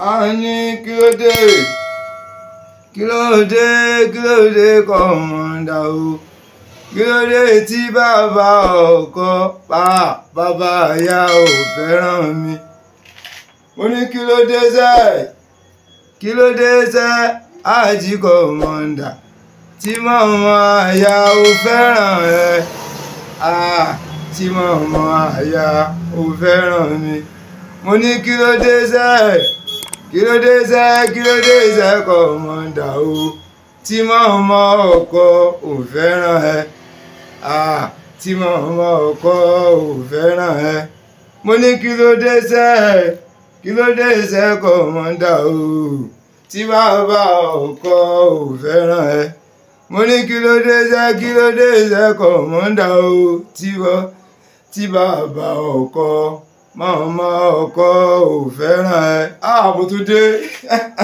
a ní kí ló dé kí ló dé kí ló dé kọ̀mọ̀dà o kí ló dé tí bàbá ọkọ pa bàbá aya ò fẹ́ràn mi mo ní kí ló dé sẹ́ kí ló dé sẹ́ àjí kọ̀mọ̀dà tí màmá aya ò fẹ́ràn ẹ tí màmá aya ò fẹ́ràn mi mo ní kí ló dé sẹ́ kí ló dé sẹ́ kí ló dé sẹ́ kọ́ ọmọ dà o tí mọ́ ọmọ ọkọ ò fẹ́ràn ẹ tí mọ́ ọmọ ọkọ ò fẹ́ràn ẹ mo ní kí ló dé sẹ́ kí ló dé sẹ́ kọ́ ọmọ dà o tí bàbá ọkọ ò fẹ́ràn ẹ mo ní kí ló dé sẹ́ kí ló dé sẹ́ kọ́ ọmọ dà o tí bàbá ọkọ màmá ọkọ ò fẹ́ràn ẹ ààbò tún dé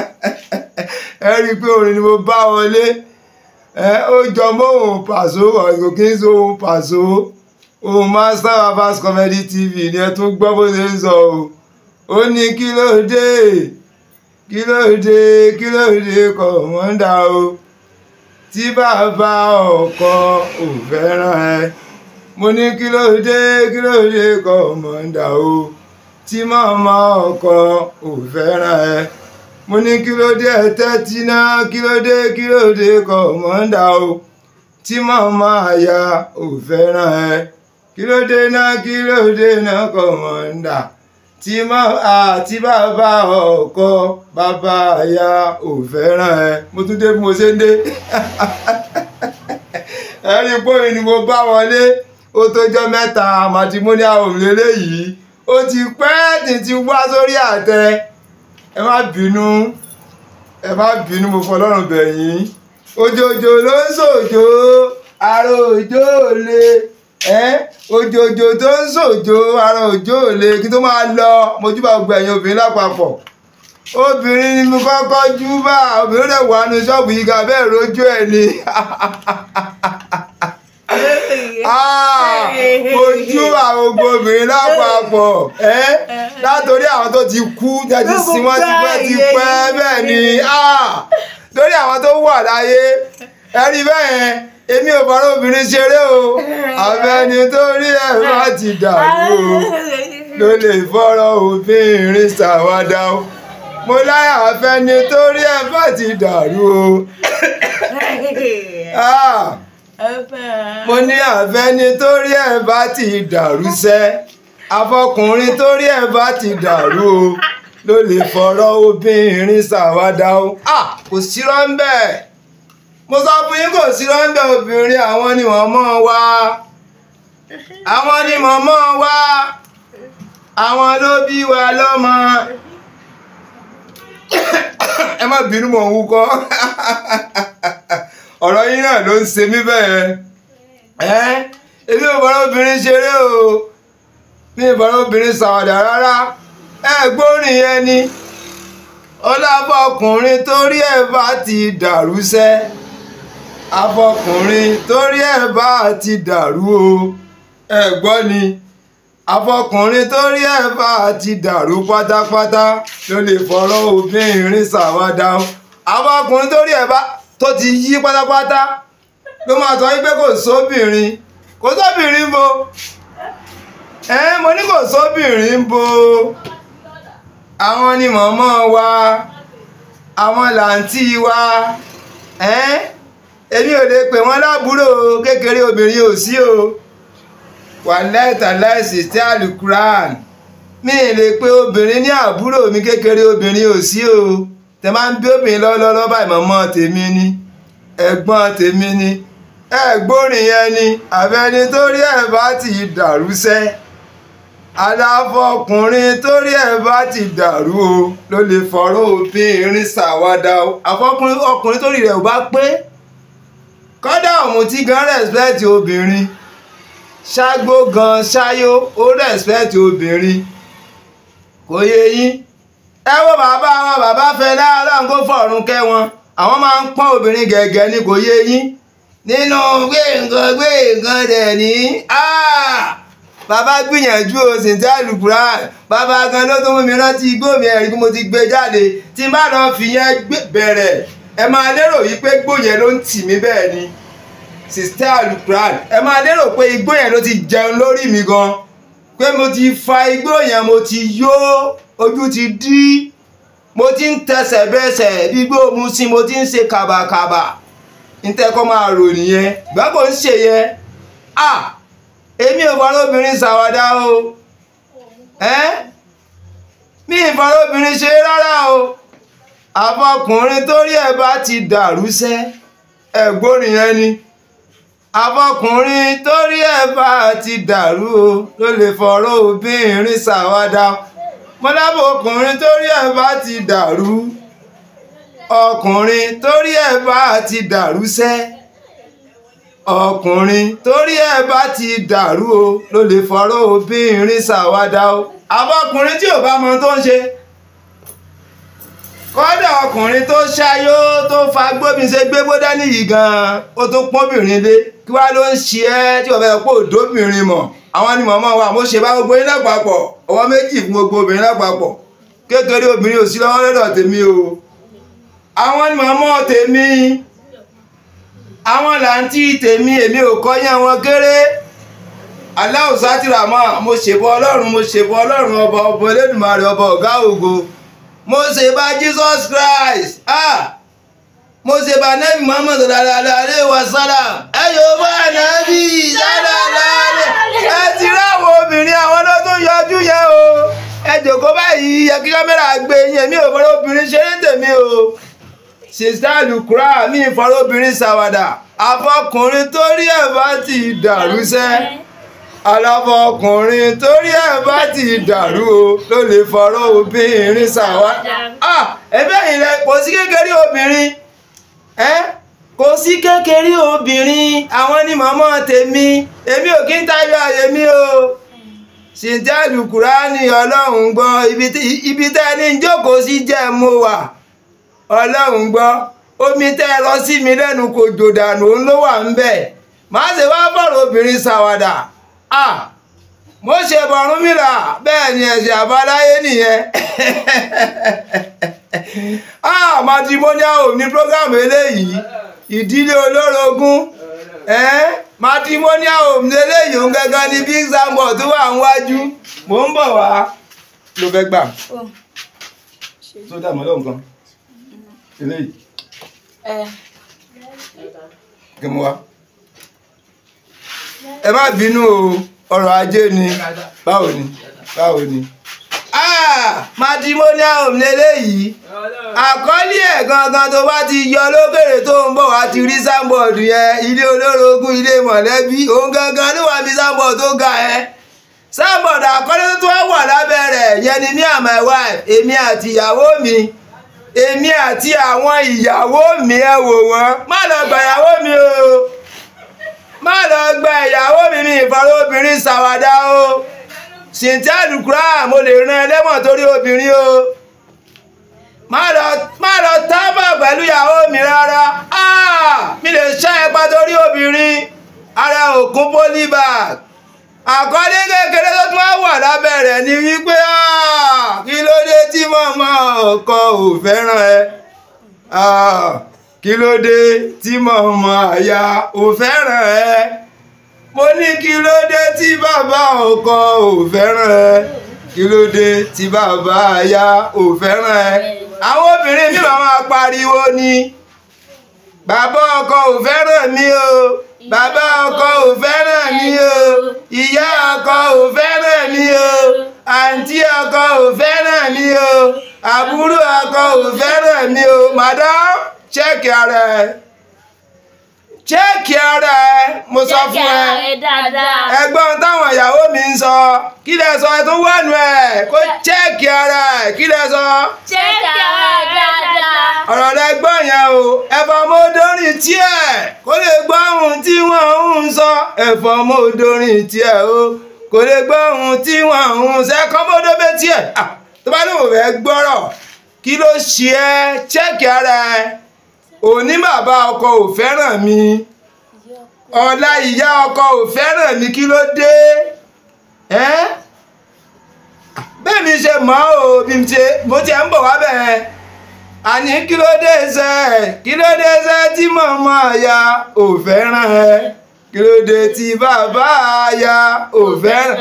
ẹ rí i pé orin ni mo bá wọlé ẹ ó jọ mọ́ òun pàṣọ ọ̀gùn kí n so òun pàṣọ òun master Abbas Comedy TV ni ẹ tún gbọ́ bó ṣe ń sọ o ó ní kí ló dé kí ló dé kí ló dé kọ̀ wọ́n dà o tí bàbá ọkọ ò fẹ́ràn ẹ. mo ní kilode ló dé kí o tí màmá ọkọ ò fẹ́ràn ẹ mo ní kí ló dé kilode náà kí ló dé o tí màmá àyà ò fẹ́ràn ẹ Kilode na kilode na kọ ló dé náà àti bàbá ọkọ bàbá àyà ò fẹ́ràn ẹ mo tún dé bí mo ṣe ń dé ẹ rí i pé òyìnbó bá wọlé. ó tójọ́ mẹ́ta matrimonial home lélẹ́yìí ó ti pẹ́ tí ti wá sórí àtẹ ẹ má bínú ẹ má bínú mo fọlọ́run bẹ̀ yín òjòjò ló ń sòjò ara òjò òle òjòjò tó ń sòjò ara òjò òle kí tó máa lọ mojúbà gbogbo ẹ̀yin obìnrin lápapọ̀ obìnrin ni mo kọ́kọ́ jú obìnrin rẹ̀ wà ní ṣọ́ọ̀bù yìí ká bẹ́ẹ̀ rojú ẹ̀ ni. Ah, ojú àwọn ogun obìnrin lápapọ̀ eh? látòrí àwọn tó ti kú tẹ́tí sí wọ́n ti pẹ́ ti pẹ́ bẹ́ẹ̀ ni ah, lórí àwọn tó wà láyé ẹ̀rí bẹ́ẹ̀ èmi ò bá obìnrin ṣeré o àbẹni tó rí ẹ̀ má ti dàrú o ló lè fọ́rọ̀ obìnrin ṣàwádà o mo láyà àfẹni tó rí ẹ̀ má ti dàrú o. Ah. mo ní àfẹ́ni torí ẹ̀ bá ti dàrú sẹ́ afọkùnrin torí ẹ̀ bá ti dàrú o ló lè fọ̀rọ̀ obìnrin ṣàwádà o kò sí rọ́ńbẹ́ mo sọ fún yín kò ń rọ́ńbẹ́ obìnrin àwọn ni wọ́n mọ̀ wá àwọn ni wọ́n mọ̀ wá àwọn ló bí wa lọ́mọ ẹ má bínú mọ̀ ń wúkọ́. ọ̀rọ̀ yín náà ló ń ṣe mí bẹ́ẹ̀ ẹ́ ebi ò bọ́lá obìnrin ṣeré o mi ò bọ́lá obìnrin ṣàwàdà rárá ẹ gbórin yẹn ni ọlábọkùnrin torí ẹ bá ti dàrú sẹ́ abọkùnrin torí ẹ bá ti dàrú o ẹ gbọ́ ni afọkùnrin tó rí ẹ̀fà ti dàrú pátápátá ló lè fọ̀rọ̀ obìnrin ṣàwádà o afọkùnrin tó rí ba tó ti yí pátápátá ló máa sọ wípé kò sóbìnrin kò sóbìnrin bo ẹ mo ní kò sóbìnrin bo àwọn ni mọ̀mọ́ wa àwọn làǹtí wa ẹ èmi ò lè pè wọ́n lábúrò kékeré obìnrin ò sí o wà lẹ́tà láìsí tí àlùkùrán mi lè pè obìnrin ní àbúrò mi kékeré obìnrin ò sí o tẹ máa ń bí obìnrin lọ́wọ́lọ́wọ́ báyìí mọ̀mọ́ tèmi ni ẹ̀gbọ́n tèmi ni ẹ̀gbórin yẹn ni àfẹni torí ẹ̀ bá ti dàrúṣẹ́ aláfọkùnrin torí ẹ̀ bá ti dàrú o ló lè fọ̀rọ̀ obìnrin ṣàwádà o àfọkùnrin ọkùnrin torí rẹ̀ ò bá pé kọ́dà ọ̀mùtí gan rẹ̀spẹ̀tì obìnrin ṣágbó gan ṣáyó ó rẹ̀spẹ̀tì obìnrin kò yẹ yín ẹ wo bàbá wọn bàbá fẹ́ láàárọ̀ kó fọ̀run kẹ́ wọn àwọn máa ń pọ́n obìnrin gẹ̀gẹ́ ní kò yé yín nínú gbé nǹkan gbé nǹkan dẹ̀ ní ah! bàbá gbìyànjú o sèǹtẹ́ àlùkùrá bàbá gan ló tó mú mi rántí igbó mi ẹ̀rí bí mo ti gbé jáde tí má lọ fi yẹn bẹ̀rẹ̀ ẹ máa lérò yìí pé igbó yẹn ló ń tì mí bẹ́ẹ̀ ni sèǹtẹ́ àlùkùrá ẹ máa lérò pé igbó yẹn ló ti jẹun lórí mi gan-an. pé mo ti fa igbó yẹn mo ti yó ojú ti dí mo ti ń tẹsẹ̀ bẹsẹ̀ gbígbó mu sí mo ti ń ṣe kàbàkàbà ntẹ́kọ́ máa rò nìyẹn gbàgbọ́ ń ṣe yẹn à èmi ò fara ṣàwádà o mi ìfara se ṣe rárá o àfọkùnrin torí rí bá ti dàrú sẹ́ ẹ̀gbọ́n nìyẹn ni. àfọkùnrin torí ẹ̀ bá ti dàrú o ló lè fọ̀rọ̀ obìnrin ṣàwádà mọ́lábọ̀kùnrin torí ẹ̀ bá ti dàrú ọkùnrin torí ẹ̀ bá ti dàrú sẹ́ ọkùnrin torí ẹ̀ bá ti dàrú o ló lè fọ̀rọ̀ obìnrin ṣàwádà o àfọkùnrin tí ò bá mọ tó ń ṣe kọ́dà ọkùnrin tó ṣayó tó fa gbóbi ṣe gbégbó dání yìí gan-an ó tó pọ́nbìnrin lé kí wàá ló ń ṣe ẹ́ tí wọ́n fẹ́ pé òdóbìnrin mọ̀ àwọn ni màmá wa mo ṣe bá gbogbo yín lápapọ̀ ọwọ́ méjì fún gbogbo obìnrin lápapọ̀ kékeré obìnrin ò sí lọ́wọ́ lọ́dọ̀ tèmi o àwọn ni màmá tèmi àwọn làǹtí tèmi èmi ò kọ́ yín àwọn kéré aláwùsá ti rà mọ́ mo ṣèbọ ọlọ́run mo ṣèbọ ọlọ́run ọba ọba Elédùmarè ọba ọ̀gá ògo mo ṣèbá Jesus Christ ah mo ṣe bá nẹ́bí muhammed sallallahu alaihi wasallam ẹ yóò bá nẹ́bí sallallahu alaihi ẹ ti ráwọ̀ obìnrin àwọn ló tún yọjú yẹn o ẹ jòkó báyìí yẹ kí kámẹ́rà gbé yẹn mi ò fọ́rọ́ obìnrin ṣeré tèmi o sista lukura mi fọ́rọ́ obìnrin ṣàwàdà afọkùnrin tó rí ẹ̀ bá ti dàrú sẹ́ aláfọkùnrin torí ẹ bá ti dàrú o ló lè fọ̀rọ̀ obìnrin ṣàwá. Ah, ẹgbẹ́ yìí rẹ kò sí kékeré obìnrin kò sí kékeré obìnrin àwọn ni màmá tèmi èmi ò kí ń tayọ àyè mi o ṣìntẹ́lù kùránì ọlọ́run gbọ́ ibi tẹ́ ní jókòó sí jẹ́ mo wà ọlọ́run gbọ́ omi tẹ́ lọ sí mi lẹ́nu kò jò dànù òun ló wà ń bẹ̀ màá ṣe wá bọ̀rọ̀ obìnrin ṣàwàdà à mo ṣe bọ̀rún mìíràn bẹ́ẹ̀ ni ẹ̀ṣẹ̀ àbáláyé nìyẹn. ah matrimonial home ní program eléyìí ìdílé olórogún eh. eh? ní eléyìí ni big zambon tó wà níwájú mò ń bọ̀ wá ló fẹ́ gbà tó oh. dà mọ́ lọ́wọ́ nǹkan eléyìí eh. kí mo wá ẹ má bínú ọrọ̀ ajé ni báwo ni báwo matrimonial home lélẹ́yìí àkọ́lé ẹ̀ gangan tó bá ti yọ lókèrè tó ń bọ̀ wá ti rí sáńbọ̀dù yẹn ilé olórogún ilé mọ̀lẹ́bí òun gangan ló wà bí sáńbọ̀dù tó ga ẹ̀ sáńbọ̀dù àkọ́lé tó wà lábẹ́ rẹ̀ yẹn ni me and my wife èmi àti ìyàwó mi èmi àti àwọn ìyàwó mi ẹ wò wọ́n má lọ gbà ìyàwó mi o má lọ gbà ìyàwó mi mi ìfọ̀rọ̀ obìnrin o ṣìntì àdùkúrà mo lè ran ẹlẹ́wọ̀n torí obìnrin o má lọ tábà pẹ̀lú ìyàwó mi rárá ah, mi lè ṣá ẹpa torí obìnrin ara òkun polybag àkọlé kékeré tó tún wà lábẹ́ rẹ̀ ni wípé ah, kí ló dé tí mọ̀mọ́ ọkọ ò fẹ́ràn ẹ ah, kí ló dé tí mọ̀mọ́ àyà ò fẹ́ràn ẹ mo ní kí ló dé tí bàbá ọkọ ò fẹ́ràn ẹ kí ló dé tí bàbá aya ò fẹ́ràn ẹ àwọn obìnrin mi máa pariwo ni bàbá ọkọ ò fẹ́ràn mi o bàbá ọkọ ò fẹ́ràn mi o ìyá ọkọ ò fẹ́ràn mi o àǹtí ọkọ ò fẹ́ràn mi o àbúrò ọkọ ò fẹ́ràn mi o madam ṣẹ́ẹ̀kì ara ẹ ṣéèkì ara ẹ mo sọ fún ẹ ẹ̀gbọ́n táwọn ìyàwó mi ń sọ kí lẹ sọ ẹ tó wọnú ẹ kó ṣéèkì ara ẹ kí lẹ sọ. ṣéèkì ara ẹ dáadáa. ọ̀rọ̀ rẹ gbọ́ yẹn o ẹ̀fọ́ mo dorin tiẹ̀ kó lè gbọ́ ohun tí wọ́n ń sọ ẹ̀fọ́ mo dorin tiẹ̀ o kò lè gbọ́ ohun tí wọ́n ń sẹ́ kọ́mọ́dọ́ bẹ́ẹ̀ tiẹ̀ ah, tó bá lóun fẹ́ gbọ́rọ̀ kí ló ṣe ẹ́ ṣéèkì ara ẹ òní bàbá ọkọ ò fẹ́ràn mi ọ̀la ìyá ọkọ ò fẹ́ràn mi kí ló dé ẹ́ bẹ́ẹ̀ mi ṣe mọ́ o bí mo ti ń bọ̀ wá bẹ́ẹ̀ àní kí ló dé sẹ́ kí ló dé sẹ́ tí màmá ya ò fẹ́ràn ẹ kí ló dé tí bàbá ya ò fẹ́ràn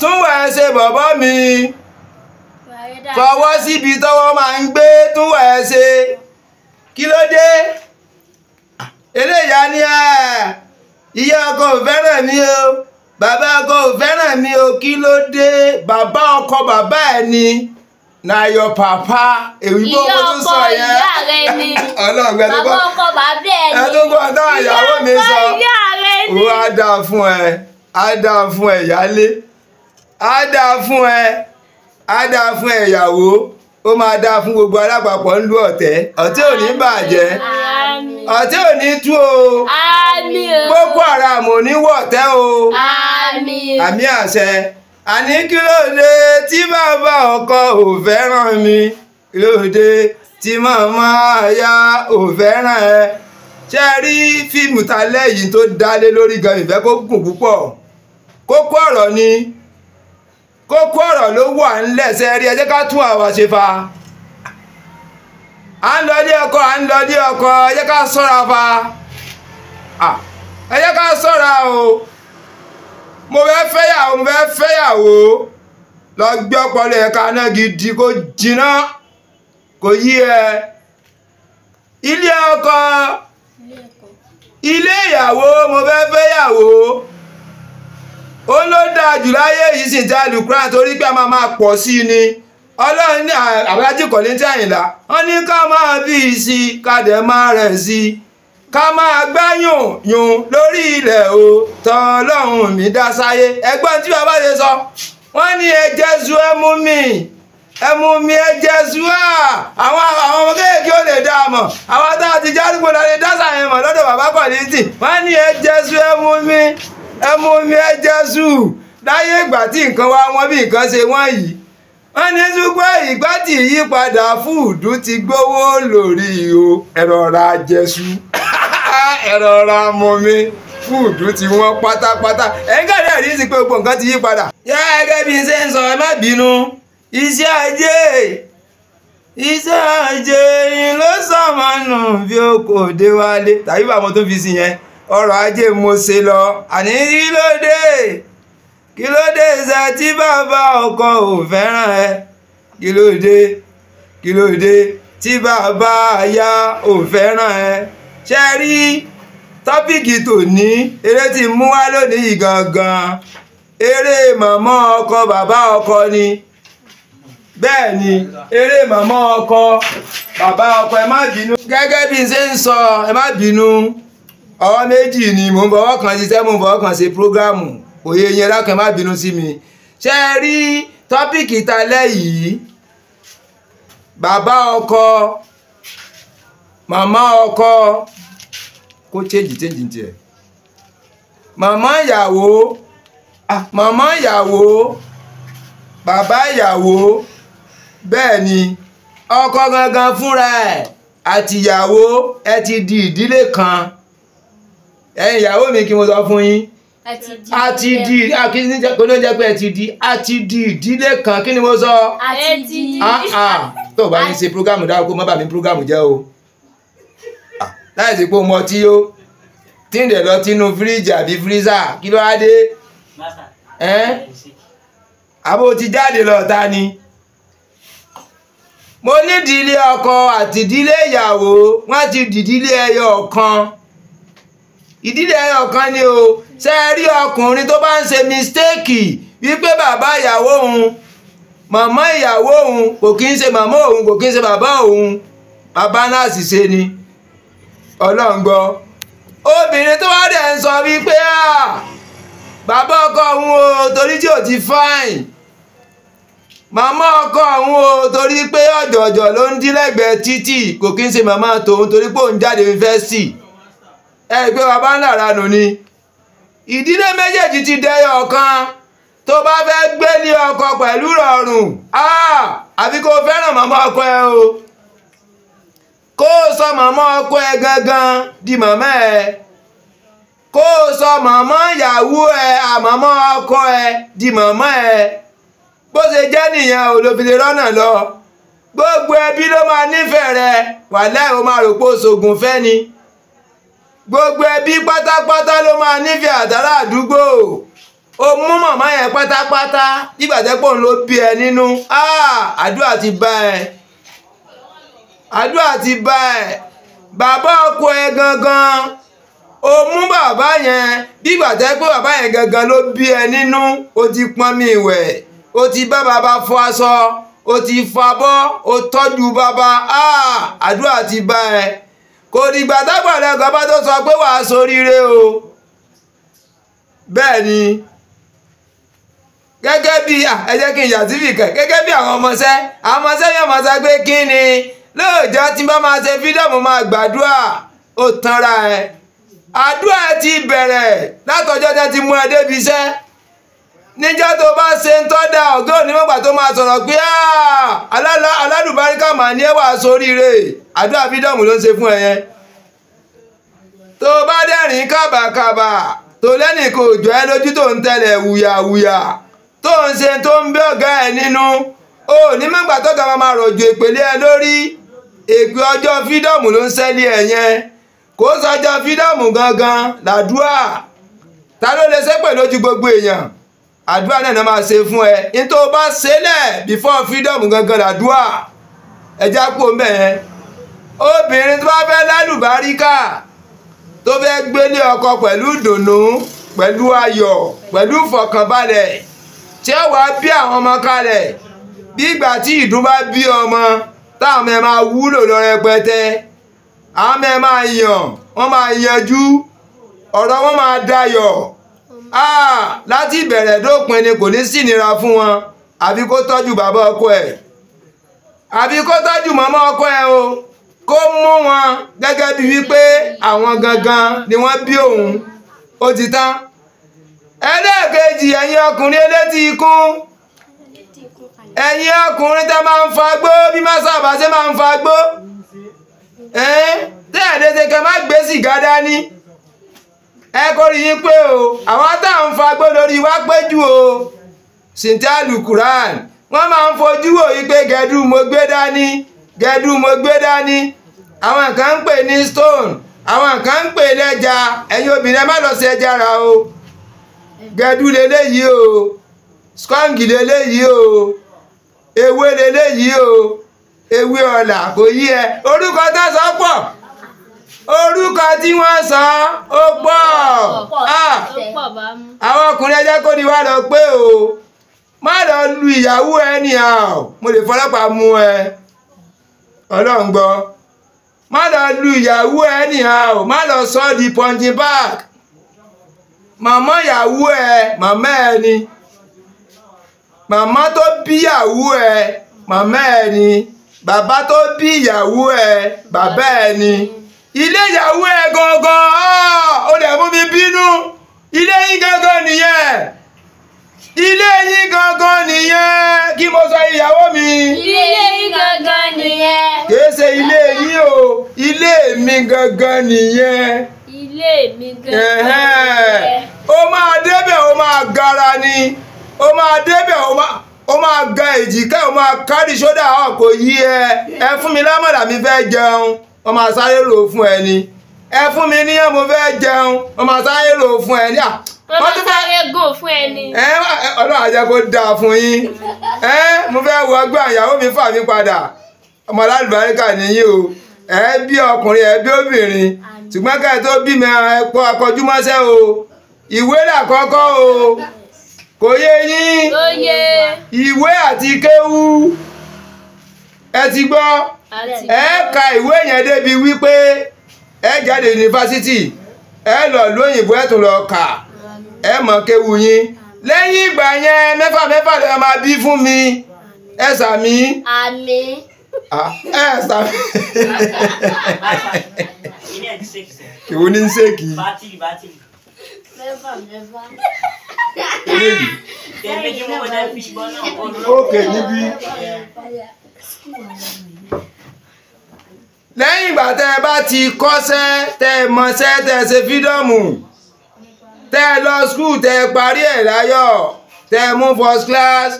tún wẹ̀ ṣe bọ̀bọ́ mi fọwọ́ síbi tọ́wọ́ máa ń gbé tún wẹ̀ ṣe kí ló dé eléyà ni ìyá ọkọ ò fẹ́ràn mi o bàbá ọkọ ò fẹ́ràn mi o kí ló dé bàbá ọkọ bàbá ẹ̀ ni na your papa èyí bó mo tún sọ yẹn ìyá ọkọ ìyá rẹ ni ọlọ́ọ̀gbẹ́ tó bọ́ bàbá ọkọ bàbá ẹ ni ẹtún bọ́ ọ̀tá ìyàwó mi sọ ó á dáa fún ẹ á dáa fún ẹ ìyálé á dáa fún ẹ á dáa fún ẹ ìyàwó ó máa dáa fún gbogbo alápapọ̀ ń lu ọ̀tẹ̀ ọ̀tẹ̀ ò ní bàjẹ́ ọ̀tẹ̀ ò ní tú o Boko Haram ò ní wọ̀tẹ́ o àmì àṣẹ àní kí ló dé tí bàbá ọkọ ò fẹ́ràn mi kí ló dé tí màmá aya ò fẹ́ràn ẹ ṣe rí fíìmù ta lẹ́yìn tó dálé lórí gan ìfẹ́ kó gùn púpọ̀ kókó ọ̀rọ̀ ni. kókó ọ̀rọ̀ ló wà ńlẹ̀ ṣe rí ẹjẹ́ ká tún àwa ṣe fa à ń lọ dé ọkọ à ń lọ dé ọkọ ẹjẹ́ ká sọ́ra fa ẹjẹ́ ká sọ́ra o mo fẹ́ fẹ́yàwó mo fẹ́ fẹ́yàwó lọ gbé ọpọlọ ẹ̀ka náà gidi kó jiná kò yí ẹ ilé ọkọ ilé ìyàwó mo fẹ́ fẹ́yàwó. ó ló dáa jù láyé yìí sì ti alukura torí pé a máa máa pọ̀ sí i ni ọlọ́run ní àbájí kọ̀lẹ́tì àyìnlá wọ́n ní ká máa bí i sí i ká dẹ̀ máa rẹ̀ sí i ká máa gbáyùn yùn lórí ilẹ̀ o tán ọlọ́run mi dá sáyé ẹgbọ́n tí bàbá ṣe sọ wọ́n ní ẹ Jésù ẹ mú mi ẹmu mi ẹ Jésù à àwọn àwọn ọmọ kéèké ò lè dá a mọ̀ àwọn tá a ti járúgbó la lè dá sàyẹn mọ̀ lọ́dọ̀ bàbá kọ̀lẹ́tì wọ́n ní ẹ Jésù ẹ mi ẹ mú mi ẹ jésù láyé ìgbà tí nǹkan wá wọn bí nǹkan ṣe wọ́n yìí wọ́n ní ṣùgbọ́n ìgbà tí ìyípadà fúùdù ti gbówó lórí o ẹ rọra jésù ẹ rọra mú mi fúùdù ti wọ́n pátápátá ẹ̀ ń kàdé àrí sí pé gbogbo nǹkan ti yí padà. yá gẹ́gẹ́ bí ṣe ń sọ ẹ má bínú iṣẹ́ ajé iṣẹ́ ajé ló sọ̀mọ́nù bí o kò dé wálé tàbí bàbá tó fi sí yẹn ọrọ̀ ajé mo ṣe lọ àní kí ló dé kí ló dé ṣe tí bàbá ọkọ ò fẹ́ràn ẹ kí ló dé kí ló dé tí bàbá aya ò fẹ́ràn ẹ ṣe rí tọ́pìkì tòní eré tí mú wá lónìí gangan eré màmá ọkọ bàbá ọkọ ni bẹ́ẹ̀ ni eré màmá ọkọ bàbá ọkọ ẹ má bínú gẹ́gẹ́ bí n ṣe ń sọ ẹ má bínú ọwọ́ méjì ni mò ń fọwọ́ kan ṣiṣẹ́ mò ń fọwọ́ kan ṣe prógráàmù òye yẹn lákàn má bínú sí mi ṣé ẹ rí tọ́pìkì ta lẹ́yìí bàbá ọkọ màmá ọkọ kó chéjì chéjì ń tiẹ̀ màmá ìyàwó màmá ìyàwó bàbá ìyàwó bẹ́ẹ̀ ni ọkọ gangan fúnra ẹ̀ àtìyàwó ẹ ti di ìdílé kan ẹ̀yin ìyàwó mi kí mo sọ fún yín a ti di kí ló jẹ́ pé ẹ ti di a ti di ìdílé kan kí ni mo sọ ah, ah. tó o bá ní ṣe programu dáwọ́ kó má bàa mi programu jẹ́ o ah, láì sí pé o mọ tí o tí ń dẹ̀ lọ tínú fíríjì àbí fírísà kí ló á dé àbó ti jáde lọ ta ni mo ní ìdílé ọkọ àti ìdílé ìyàwó wọ́n ti dìdílé ẹyọ kan ìdílé ọ̀kan ni o ṣe é rí ọkùnrin tó bá ń ṣe mistéèkì wípé bàbá ìyàwó òun màmá ìyàwó òun kò kí ń ṣe màmá òun kò kí ń ṣe bàbá òun bàbá náà sì ṣe ni ọlọ́run gbọ́ obìnrin tó wá dẹ̀ ń sọ wípé bàbá ọkọ òun o torí tí ò ti fáìn màmá ọkọ òun o torí pé ọ̀jọ̀jọ̀ ló ń dín lẹ́gbẹ̀ẹ́ títì kò kí ń ṣe màmá tòun torí pé òun jáde yunifásitì ẹgbẹ́ bàbá náà ranù ni ìdílé méjèèjì ti dẹyọ ọ̀kan tó bá fẹ́ gbé ní ọkọ pẹ̀lú rọrùn ah, àfi kó fẹ́ràn mọ́mọ́ ọkọ ẹ o kó o sọ màmá ọkọ ẹ gangan di màmá ẹ kó o sọ màmá ìyàwó ẹ àmọ́mọ́ ọkọ ẹ di màmá ẹ bó ṣe jẹ́ nìyẹn ò ló fi lè rọ́nà lọ gbogbo ẹbí ló máa nífẹ̀ẹ́ rẹ wàlẹ́ ò máa rò pé o fẹ́ ni. gbogbo ẹbí pátápátá ló máa nífẹ̀ẹ́ àdárà àdúgbò o mú màmá yẹn pátápátá nígbà tẹ́pọ̀ ń ló bí ẹ nínú ah, àdúrà ti bá ẹ àdúrà ti bá ẹ bàbá ọkọ ẹ gangan o mú bàbá yẹn nígbà tẹ́pọ̀ bàbá yẹn gangan ló bí ẹ nínú o ti pọnmi ìwẹ̀ o ti bá bàbá fọ aṣọ o ti fọ abọ́ o tọ́jú bàbá ah, àdúrà ti bá ẹ. kò dìgbà tágbàlagbà bá tó sọ pé wàá ṣoríire o bẹ́ẹ̀ ni gẹ́gẹ́ bí ẹ jẹ́ kí n yà sí fìkẹ́ gẹ́gẹ́ bí àwọn ọmọọṣẹ́ àwọn ọmọọṣẹ́ yóò máa sọ pé kí ni lóòjọ́ tí bá máa ṣe fídíọ̀mù máa gbàdúrà ó tanra ẹ̀ àdúrà ti bẹ̀rẹ̀ látọjọ́ tẹ́ ti mú ẹ débi iṣẹ́ níjọ́ tó bá ṣe ń tọ́da ọ̀gá òní mọ́gbà tó máa sọ̀rọ̀ pé ah, aládùbáríkà mà ní ẹwà sóríire àdúrà fídọ́ọ̀mù ló ń ṣe fún ẹ yẹn. tó bá dẹ̀rìn kàbàkàbà tó lẹ́nì kò jọ ẹ lójú tó ń tẹ̀lẹ̀ wùyàwùyà tó ń ṣe tó ń bẹ́ ọ̀gá ẹ nínú òní mọ́gbà tó ga máa rọ̀jò ìpèlè ẹ lórí èpè ọjọ́ fídọ́ọ̀mù ló ń ṣẹ́lẹ̀ ẹ yẹn kò sọjọ́ fídọ́ọ̀mù gangan làdúrà ta ló lè ṣépè gbogbo àdúrà náà máa ṣe fún ẹ nítorí o bá ṣe lẹ̀ before freedom gangan làdúrà ẹja kú mbẹ yẹn obìnrin tó bá fẹ́ lálùbáríkà tó fẹ́ gbélé ọkọ pẹ̀lú ìdùnnú pẹ̀lú ayọ̀ pẹ̀lú ìfọ̀kànbalẹ̀ tí ó wàá bí àwọn ọmọ kalẹ̀ bí ìgbà tí ìdùn bá bí ọmọ táwọn ẹ máa wúlò lọ rẹpẹtẹ àwọn ẹ máa yàn wọ́n máa yanjú ọ̀rọ̀ wọn máa dayọ̀ Ah, láti ìbẹ̀rẹ̀ dópin ni kò ní sí ìnira fún wọn àbí kó tọ́jú bàbá ọkọ ẹ̀ àbí kó tọ́jú màmá ọkọ ẹ̀ o kó mú wọn gẹ́gẹ́ bí wípé àwọn gangan ni wọ́n bí òun ó ti tán ẹlẹ́ẹ̀kejì ẹ̀yin ọkùnrin elétí ikún ẹ̀yin ọkùnrin tẹ́ máa ń fagbó bí mọ́sàbà ṣe máa ń fagbó ẹ̀ tẹ́ ẹ̀ẹ́dẹ́gbẹ́ má gbé sìgá dání. ẹ kó rí yín pé o àwọn tá à ń fa gbé lórí wá pé jù o sintalu quran wọ́n máa ń fojú wò yí pé gẹ̀dú mo gbé dání gẹ̀dú mo gbé dání àwọn kan ń pè ní stone àwọn kan ń pè lẹ́ja ẹ̀yin obìnrin ẹ má lọ sí ẹja ra o gẹ̀dú leléyìí o skọ́ǹgì leléyìí o ewé leléyìí o ewé ọ̀là kò yí ẹ orúkọ tá a sọ pọ̀. orúkọ tí wọ́n sọ ó pọ̀ ah. àwọn ọkùnrin ẹjẹ́ kò ní wá lọ pé o má lọ lu ìyàwó ẹ nìyà mo lè fọlọ́pàá mú ẹ ọlọ́run gbọ́ má lọ lu ìyàwó ẹ nìyà má lọ sọ ọ́ di punching bag màmá ìyàwó ẹ màmá ẹ ni màmá tó bí ìyàwó ẹ màmá ẹ ni bàbá tó bí ìyàwó ẹ bàbá ẹ ni. ilé ìyàwó ẹ gangan ah, ó dẹ̀ mú mi bínú ilé yín gangan nìyẹn ilé yín gangan nìyẹn kí mo sọ ìyàwó mi. ilé yín gangan nìyẹn. kìí ṣe ilé yín o ilé mi gangan nìyẹn. ilé mi gangan nìyẹn. ó máa débẹ̀ ó máa gara ni ó máa débẹ̀ ó máa ó máa ga èjìká ó máa kárí sódà ọ̀ yí ẹ ẹ fún mi lámọ̀dà mi fẹ́ jẹun wọ́n máa sáré rò fún ẹ ni ẹ fún mi ní mo fẹ́ jẹun wọ́n máa sáré rò fún ẹ ní à. wọ́n tún fẹ́ ego fún ẹ ni. ẹ ọlọ́run àjẹ kó dáa fún yín ẹ mo fẹ́ wọ ọgbà ìyàwó mi fà mí padà ọmọ alálùbáríkà nìyí o ẹ bí ọkùnrin ẹ bí obìnrin ṣùgbọ́n ká ẹ tó bí mi ẹ kọ́ akọjúmọ́sẹ́ o ìwé làkọ́kọ́ o kò yé yín ìwé àti kéwú ẹ ti gbọ́ ẹ ka ìwé yẹn débi wípé ẹ jáde yunifásitì ẹ lọ lóyìnbó ẹ tún lọ kà ẹ mọ̀ kéwu yín lẹ́yìn ìgbà yẹn mẹ́fà mẹ́fà lè máa bí fún mi ẹ sàmí. àmín. ẹ sàmí. ìwọ ní sèkì. bátìrì bátìrì. mẹ́fà mẹ́fà. ok níbí lẹ́yìn ìgbà tẹ́ ẹ bá ti kọ́ṣẹ́ tẹ́ ẹ mọṣẹ́ tẹ́ ẹ ṣe fídọ́ọ̀mù tẹ́ ẹ lọ skul tẹ́ ẹ parí ẹ̀ láyọ̀ tẹ́ ẹ mú first class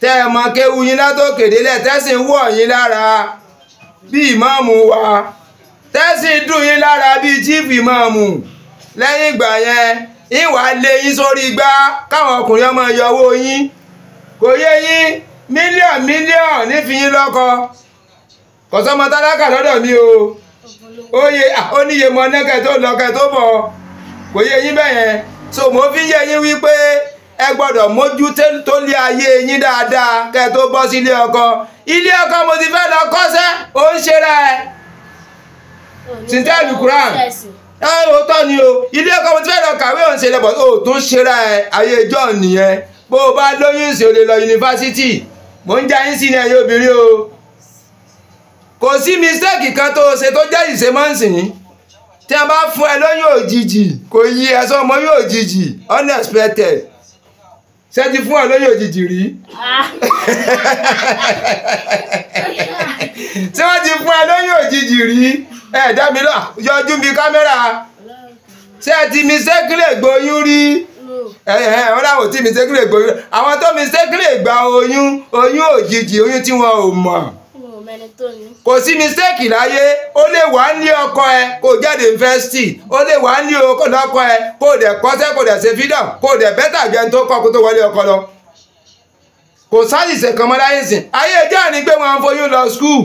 tẹ́ ẹ mọ kéwu yín látòkè délẹ̀ tẹ́sìn wọ̀ yín lára bí ìmáàmù wa tẹ́sìn dùn yín lára bíi chief ìmáàmù lẹ́yìn ìgbà yẹn ìwà lé yín sórí igbá káwọn ọkùnrin ọmọ ìyọwó yín kò yé yín mílíọ̀n mílíọ̀n nífi yín lọ́kọ kọ̀sọ́mọ tálákà lọ́dọ̀ mi o ó yẹ ó níye mọ nẹ́kẹ̀ tó lọ́kẹ̀ tó bọ̀ kò yẹ yín bẹ́yẹn so mo fi yẹ yín wípé ẹ gbọ́dọ̀ mójú tó lé ayé yín dáadáa kẹ́ tó bọ́ sí ilé ọkọ ilé ọkọ mo ti fẹ́ lọ kọ́sẹ́ ó ń ṣe rẹ̀ sintẹ́lù quran ẹ ò tọ́ ni o ilé ọkọ mo ti fẹ́ lọ kàwé òun ṣe lẹ́bọ̀ ó tún ṣe rẹ̀ ayé ìjọ́ nìyẹn bó o bá lóyún sí o lè lọ yunifásitì mò ń jayín sí ni ẹ̀yin obìnrin o kò sí mistake kan tó o ṣe tó jẹ́ ìṣemánsìn tí a bá fún ẹ lóyún òjijì kò yí ẹsọ ọmọ yóò òjijì unexpected ṣé ti fún ẹ lóyún òjijì rí ah. ṣé wọ́n ti fún ẹ lóyún òjijì rí ẹ dá mi lọ yọjú mi kámẹ́rà ṣé ti mistake lè gbóyún rí wọ́n láwọn tí mistake lè gbóyún àwọn tó mistake lè gba oyún oyún òjijì oyún tí wọ́n ò mọ̀. kò sí mistake láyé ó lè wà ní ọkọ ẹ kò jáde university ó lè wà ní ọkọ ẹ kò dẹ̀ kọ́sẹ́ kò dẹ̀ ṣe freedom kò dẹ̀ bẹ́tà jẹun tó kọ́ kó tó wọlé ọkọ lọ kò sáyìísẹ̀ kan mọ́ láyé ayé ni pé wọ́n foyún lọ skul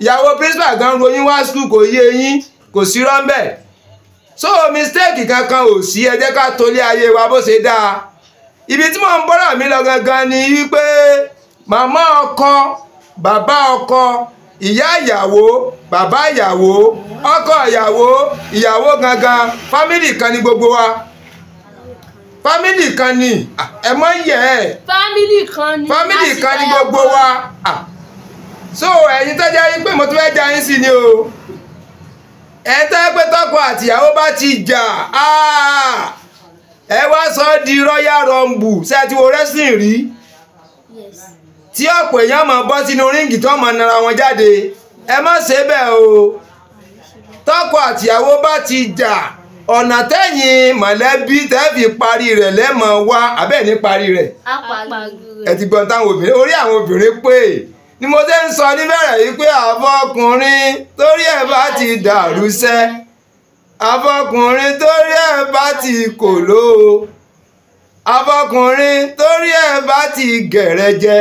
ìyàwó principal gan royún wá kò yé eyín kò sí rọ́ńbẹ́ so mistake kankan ò sí ayé wa bó ṣe bàbá ọkọ ìyá ìyàwó bàbá ìyàwó ọkọ ìyàwó ìyàwó gangan fámìlì kan ni gbogbo wa fámìlì kan ni ẹ mọ yẹ ẹ fámìlì kan ni fámìlì gbogbo wa so ẹ̀yin tẹ́jà yín pé mo tún fẹ́ jà yín sí ni o ẹ tẹ́ pé tọkọ àtìyàwó bá ti jà ẹ wá sọ di royal rumble ṣé ẹ ti wo wrestling rí tí ọ̀pọ̀ èèyàn máa bọ́ sínú ríǹgì tó máa nara wọn jáde ẹ má ṣe bẹ́ẹ̀ o tọkọ àtìyàwó bá ti jà ọ̀nà tẹ́yìn mọ̀lẹ́bí tẹ́ fi parí rẹ̀ lẹ́mọ̀ wá abẹ́ ní parí rẹ̀ ẹ ti gbọ́n táwọn obìnrin orí àwọn obìnrin pé ni mo ṣe ń sọ níbẹ̀rẹ̀ yìí pé àfọkùnrin torí ẹ̀ bá ti dàrú sẹ́ àfọkùnrin torí ẹ̀ bá ti kò lóo àfọkùnrin torí ẹ̀ bá ti gẹ̀rẹ́ jẹ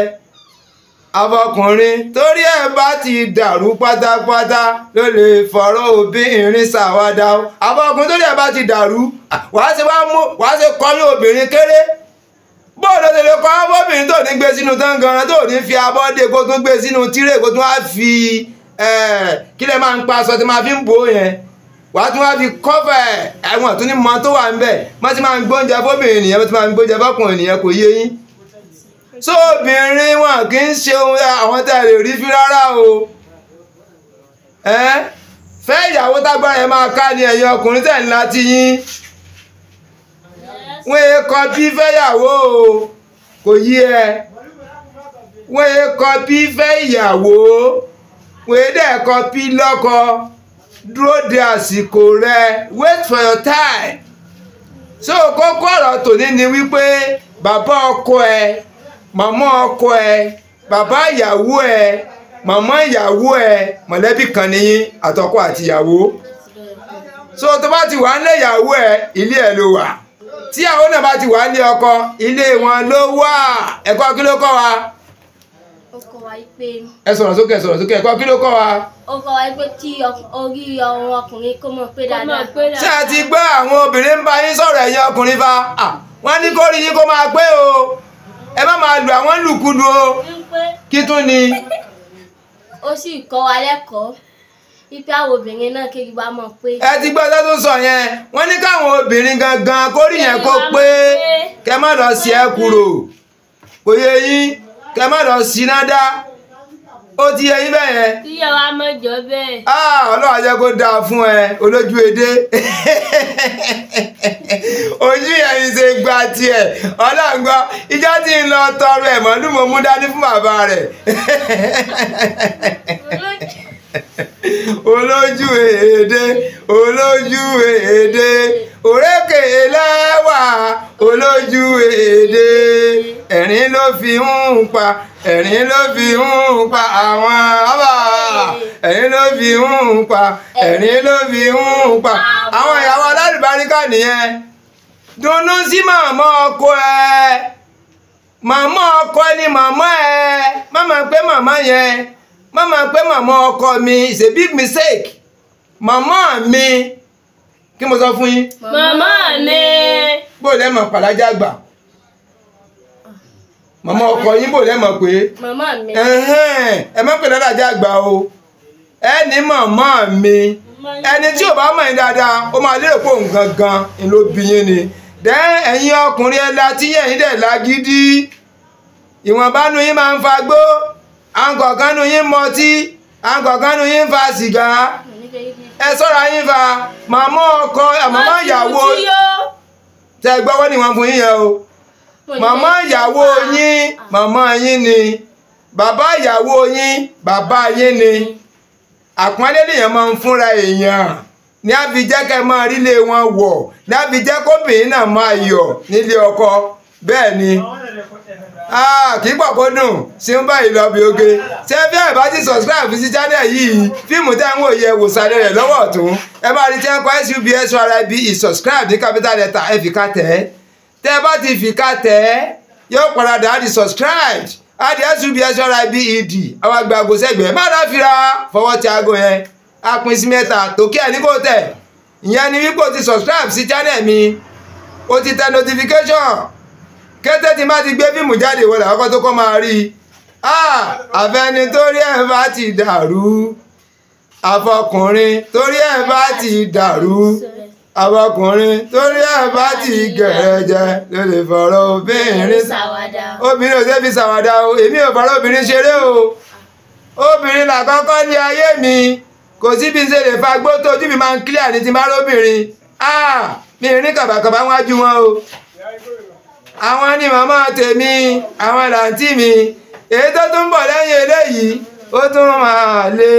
afọkùnrin torí ẹ̀ bá ti dàrú pátápátá ló lè fọ̀rọ̀ obìnrin ṣàwádà o afọkùnrin torí ẹ̀ bá ti dàrú wàá ṣe wá mú wàá ṣe kọyún obìnrin kéré bóòdó tẹ̀lé kọ́ abọ́bìnrin tó ní gbé sínú tángànrán tó ní fi abọ́dé kó tún gbé sínú tíré kó tún wá fi kí lè máa ń pa aṣọ tí máa fi ń bò yẹn wàá tún wá fi kọ́fà ẹ̀wọ̀n tó ní mọ tó wà ń bẹ̀ mọ́ ti máa ń gbóúnjẹ fóbìnrin nìyẹn mọ́ ti máa ń gbóúnjẹ fọkùnrin nìyẹn kò yé yín so obìnrin wọn kì í ṣe ohun àwọn tá a lè rí fi rárá o fẹ́ ìyàwó tágbára ẹ̀ máa ká ni ẹ̀yin ọkùnrin tẹ̀ ń láti yín wọ́n yẹ kọ́ bí fẹ́yàwó o kò yí ẹ wọ́n yẹ kọ́ bí fẹ́yàwó wọ́n yẹ dẹ́ kọ́ bí lọ́kọ dúró de àsìkò rẹ wait for your time so kókó ọ̀rọ̀ tòní ni wípé bàbá ọkọ ẹ màmá ọkọ ẹ bàbá ìyàwó ẹ màmá ìyàwó ẹ mọ̀lẹ́bí kan nìyí àtọkọ àtìyàwó so tó bá ti wà ń lé ìyàwó ẹ ilé ẹ ló wà tí àwọn náà bá ti wà ní ọkọ ilé wọn ló wà ẹ̀kọ́ kí ló kọ́ wa. ó wa pé. ẹ sọ̀rọ̀ sókè sọ̀rọ̀ sókè ẹ̀kọ́ kí ló kọ́ wa. ó wa pé kí orí ọrùn ọkùnrin kó mọ̀ pé dáadáa. ṣé ẹ ti gbọ́ àwọn obìnrin ń bá yín sọ̀rọ̀ ẹ̀yin ọkùnrin fa wọ́n ní kó rí yín kó máa pé o ẹ má máa lu àwọn lùkúdù o kí tún ni. ó sì kọ́ wa lẹ́kọ̀ọ́ ipe àwọn obìnrin náà kéjì bá mọ̀ pé. ẹ ti gbọ́ tó tún sọ yẹn wọ́n ní káwọn obìnrin gangan kórì yẹn kó pé kẹ má lọ sí ẹ kúrò kò yẹ yín kẹ má lọ sí náà dá. ó ti yẹ yín bẹ́ẹ̀. tíyẹ wa mọ̀jọ bẹ́ẹ̀. Ah, ọlọ́run á kó dáa fún ẹ olójú edé ojú ẹ̀yìn ṣe gba tiẹ̀ ọlọ́run gbọ́ ìjọ ti ń lọ tọrọ ẹ̀ mọ́lúmọ́ mú dání fún bàbá rẹ̀. olójú èdè olójú èdè òrékè lẹ́wà olójú èdè ẹ̀rín ló fi ń pa ẹ̀rín ló fi ń pa àwọn ọba ẹ̀rín ló fi ń pa ẹ̀rín ló fi ń pa àwọn ìyàwó alálùbáríkà nìyẹn dùnnú sí màmá ọkọ ẹ màmá ọkọ ni màmá ẹ má máa pé màmá yẹn má máa pé màmá ọkọ mi it's a big mistake Mama mi kí mo sọ fún yín. màmá mi. bó lẹ́ mọ̀ pàlájà gbà màmá ọkọ yín bó lẹ́ mọ̀ pé. màmá mi. ẹ má pè ládàjà gbà o ẹ ní mama mi ẹni tí ò bá mọ̀ yín dáadáa ó máa lérò pé òun gangan ń ló bí yín ni dẹ́ ẹ̀yin ọkùnrin ẹ̀ la tí yẹ̀yìn dẹ̀ lágídí ìwọ̀nba nu yín máa ń fagbó àǹkọ̀kánú yín mọtí àǹkọ̀kánú yín fa a ẹ sọ́ra yín fa ọkọ màmá ìyàwó tẹ gbọ́wọ́ fún o màmá ìyàwó yín màmá yín ni bàbá bàbá ni àpọ́nlé nìyẹn máa ń fúnra èèyàn ní àfi rile wọn wọ̀ ní àfi jẹ́ kóbìnrin ọkọ bee ni. Ah, keep up dùn ṣé Simba, you love you okay. ṣé bí ẹ bá ti subscribe sí channel yìí fíìmù tẹ́ ń wò yẹ wò sáré rẹ̀ lọ́wọ́ ọ̀tún ẹ bá you tẹ́ńkọ́ SUBSURIB subscribe ní capital letter ẹ fìkà tẹ̀ ẹ́ tẹ́ ẹ bá ti fìkà tẹ̀ ẹ́ yóò padà á di subscribed á di SUBSURIB àwọn e àgbà àgòsẹ́gbẹ̀ẹ́ má dá fira fọwọ́ ti aago yẹn á pín sí mẹ́ta tòkí ẹ̀ ní kò tẹ̀ ìyẹn ni wípé o to subscribe sí channel me. o ti tẹ notification kété tí má ti gbé fíìmù jáde wọlé àwọn kan tó kọ́ máa rí i ah, àfẹni torí ẹ̀ bá ti dàrú àfọkùnrin torí ẹ̀ bá ti dàrú àwọkùnrin torí ẹ̀ bá ti gẹ̀rẹ́ jẹ ló lè fọ̀rọ̀ obìnrin obìnrin ò ṣe fi ṣàwàdà o èmi ò fọ̀rọ̀ obìnrin ṣeré o obìnrin làkọ́kọ́ ní ayé mi kò sí bí n ṣe lè fa gbótó ojú mi máa ń kílíà ah, ní ti má lóbìnrin mi rí kàbàkàbà wájú wọn o àwọn ni màmá tèmi àwọn làǹtí mi èyí tó tún bọ̀ lẹ́yìn eléyìí ó tún máa lé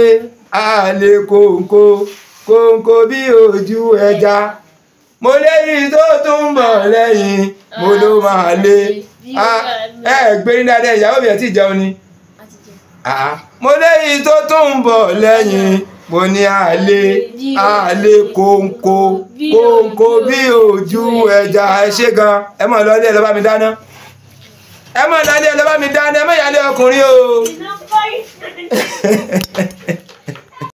àlè kòǹkò kòǹkò bí ojú ẹja mo léyìí tó tún bọ̀ lẹ́yìn mo ló máa lé ẹ gbé ní dáadáa ìyàwó mi ẹ̀ tí jẹun ni mo léyìí tó tún bọ̀ lẹ́yìn mo ní àlè àlè kòǹkò kòǹkò bí ojú ẹja ẹ ṣe gan ẹ mọ̀ lọ́lé ẹ lọ́ bá mi dáná ẹ mọ̀ lọ́lé ẹ lọ́ mi dáná ẹ mọ̀ ìyálé ọkùnrin o.